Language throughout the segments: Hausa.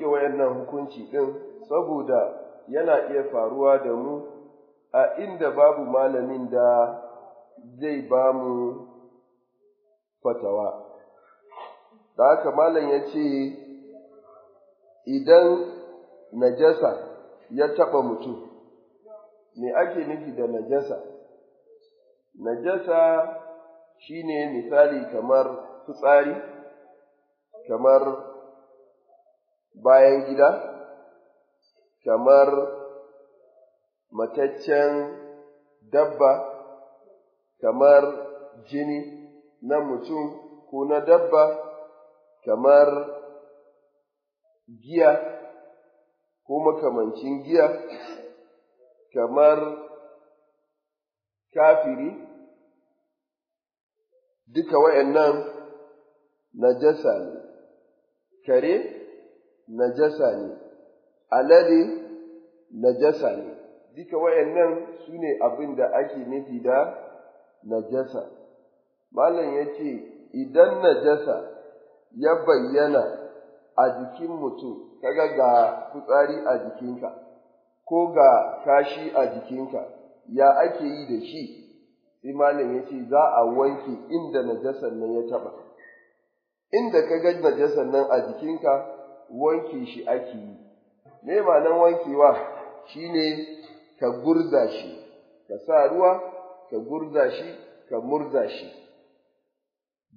riƙe wayannan hukunci ɗin saboda yana iya faruwa da mu a inda babu malamin da zai ba mu fatawa. Da haka malam ya ce, idan najasa ya taɓa mutum, me ake nufi da najasa? Najasa shi ne misali kamar fitsari, kamar bayan gida kamar mataccen dabba, kamar jini na mutum ko na dabba, kamar giya ko makamancin giya, kamar kafiri, duka wa'yan na ne, kare najasa ne alade najasa ne duka wayannan su ne abin da ake nufi da najasa malam ya ce idan najasa ya bayyana a jikin mutum kaga ga fitsari a jikinka ko ga kashi a jikinka ya ake yi da shi sai malam ya ce za a wanke inda najasan nan ya taɓa inda kaga ga najasan nan a jikinka wanke shi ake yi me ma'anar wankewa shine ka gurza shi ka sa ruwa ka gurza shi ka murza shi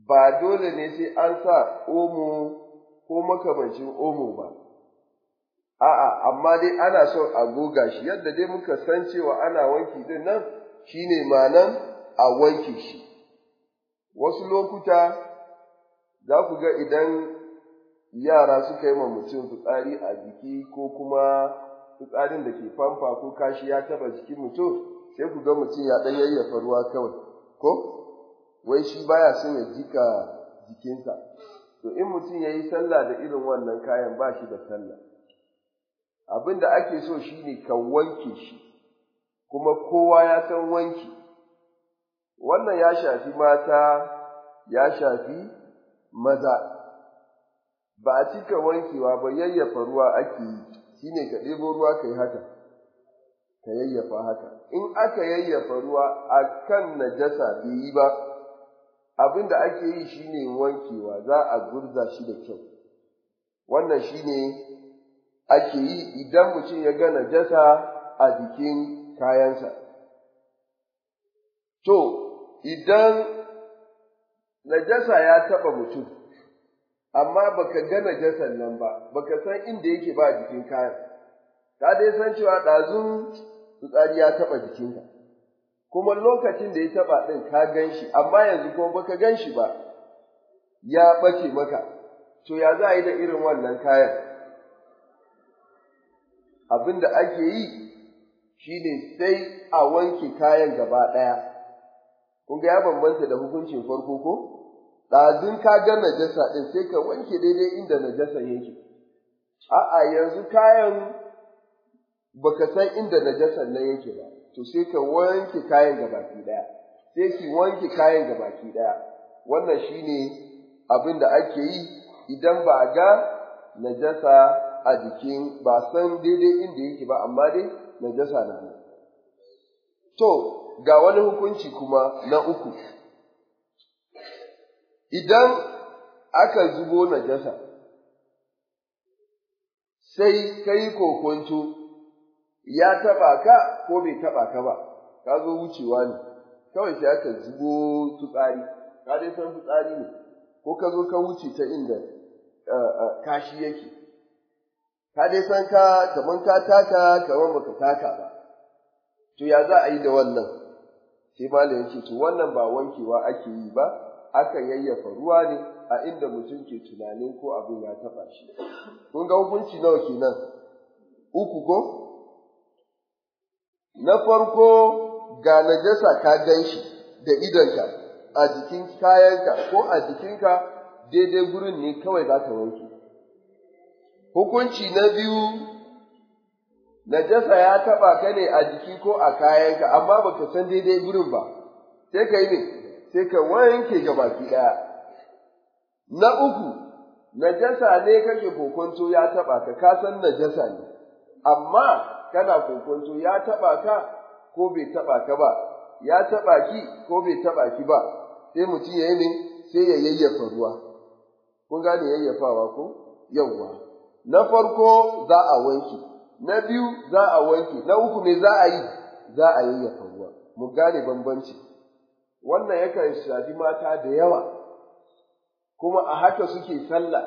ba dole ne sai an sa omo ko makamancin omo ba a'a amma dai ana son a goga shi yadda dai muka san cewa ana wanki din nan shine ma'anar a wanke shi wasu lokuta za ku ga idan yara suka yi ma mutum fitsari a jiki ko kuma fitsarin da ke famfa ko kashi ya taba jikin mutum sai ku ga mutum ya ɗan yayyafa ruwa kawai ko wai shi baya son ya jika jikinsa to in mutum ya yi sallah da irin wannan kayan ba shi da sallah abin da ake so shi ne ka wanke shi kuma kowa ya san wanki wannan ya shafi mata ya shafi maza ba a cika wankewa ba yayyafa ruwa ake yi Shi ne ka ɗebo ruwa ka yi haka ka yayyafa haka in aka yayyafa ruwa a kan najasa bai yi ba abin da ake yi shi ne wankewa za a gurza shi da kyau wannan shi ne ake yi idan mutum ya ga najasa a jikin kayansa to idan najasa ya taɓa mutum amma baka ga najasan nan ba baka san inda yake ba jikin kayan ka dai san cewa ɗazun fitsari ya taɓa jikinka kuma lokacin da ya taɓa ɗin ka gan amma yanzu kuma baka gan shi ba ya ɓace maka to ya za a yi da irin wannan kayan abin da ake yi shine sai a wanke kayan gaba ɗaya kun ga ya bambanta da hukuncin farko ko ɗazin ka ga najasa ɗin sai ka wanke daidai inda najasa yake. A'a yanzu kayan baka san inda najasa na yake ba, to sai ka wanke kayan gabaki ɗaya, sai ki wanke kayan gabaki ɗaya. Wannan shi ne abin da ake yi idan ba a ga najasa a jikin ba san daidai inda yake ba, amma dai najasa na nan. To, ga wani hukunci kuma na uku. idan aka zubo najasa sai kai kokonto ya taɓa ka ko bai taɓa ka ba ka zo wucewa ne kawai sai aka zubo tsari, ka dai san tsari ne ko ka zo ka wuce ta inda eh, eh, kashi yake ka dai san ka kaman ka taka kaman baka taka ba to ya za a yi da wannan sai malam yake to wannan ba wankewa ake yi ba aka yayyafa ruwa ne a inda mutum ke tunanin ko abin ya taɓa shi. Kun ga hukunci nawa kenan? Uku ko? Na farko ga najasa ka gan shi da idonka a jikin kayanka ko a jikinka daidai gurin ne kawai za ka wanke. Hukunci na biyu najasa ya taɓa ka ne a jiki ko a kayanka amma baka san daidai gurin ba, sai ka yi ne. sai ka wanke gabaki ɗaya. Na uku, najasa ne kake kokonto ya taɓa ka, ka san najasa ne, amma kana kokonto ya taɓa ka ko bai taɓa ka ba, ya taɓa ki ko bai taɓa ki ba, sai mutum ya yi ne sai ya yayyafa ruwa. Kun gane yayyafawa ko? Yawwa. Na farko za a wanke, na biyu za a wanke, na uku ne za a yi? Za a yayyafa ruwa. Mu gane bambanci. wannan yakan shafi mata da yawa kuma a haka suke sallah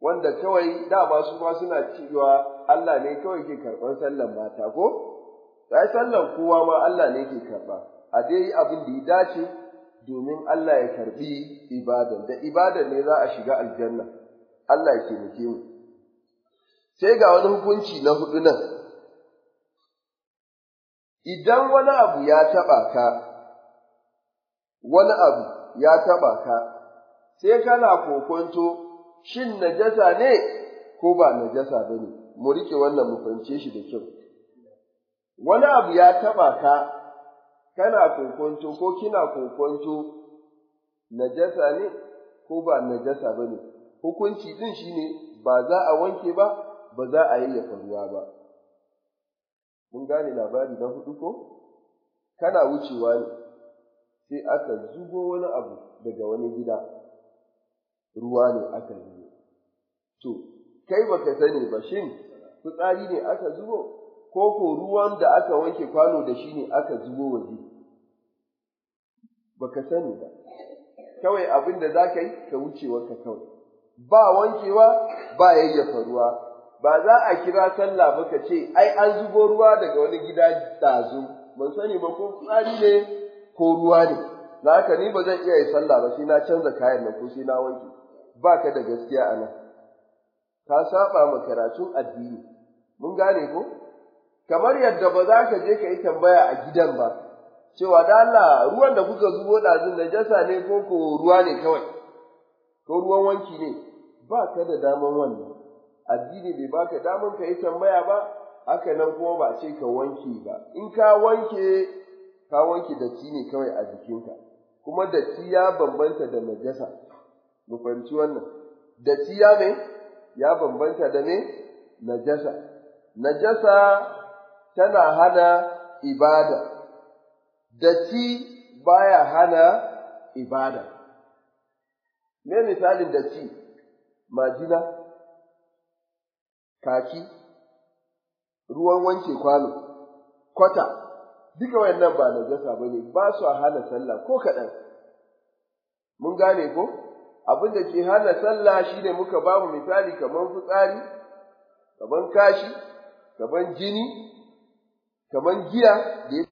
wanda kawai da ba su ma suna cewa Allah ne kawai ke karɓar sallan mata ko sai sallan kowa ma Allah ne ke karɓa a dai abin da ya dace domin Allah ya karɓi ibada. da ibadan ne za a shiga aljanna Allah ya taimake mu sai ga wani hukunci na hudu nan idan wani abu ya taɓa ka wani abu ya taɓa ka, sai kana kokonto shin najasa ne ko ba najasa ba ne, mu rike wannan mu fahimce shi da kyau. Wani abu ya taɓa ka, kana kokonto ko kina kokonto najasa ne ko ba najasa ba ne, hukunci ɗin shi ne ba za a wanke ba, ba za a yi ruwa ba. Mun gane labari na hudu ko? Kana wucewa ne. sai aka zubo wani abu daga wani gida ruwa ne aka zubo to kai baka sani ba shin fitsari ne aka zubo ko ko ruwan da aka wanke kwano da shi ne aka zubo waje baka sani ba kawai abin da za ka yi ka wanka kawai ba wankewa ba yayyafa ruwa ba za a kira sallah ba ka ce ai an zubo ruwa daga wani gida dazu ban sani ba ko tsari ne ko ruwa ne za ka ni ba zan iya yi sallah ba sai na canza kayan na, ko sai na wanke ba ka da gaskiya a nan ka saba ma karatun addini mun gane ko kamar yadda ba za ka je ka yi tambaya a gidan ba cewa da Allah ruwan da kuka zubo ɗazun jasa ne ko ko ruwa ne kawai ko ruwan wanki ne ba ka da daman wannan addini bai baka daman ka yi tambaya ba haka nan kuma ba ce ka wanke ba in ka wanke ka wanke datti ne kawai a jikinka kuma datti ya bambanta da najasa mu fahimci wannan datti ya ne ya bambanta da ne, najasa najasa tana hana ibada datti baya hana ibada me misalin datti majina kaki ruwan wanke kwano kwata duka wayannan ba najasa ne ba su hana sallah ko kaɗan mun gane ko abin da ke hana sallah shine muka ba mu misali kamar fitsari kamar kashi kamar jini kamar giya da ya.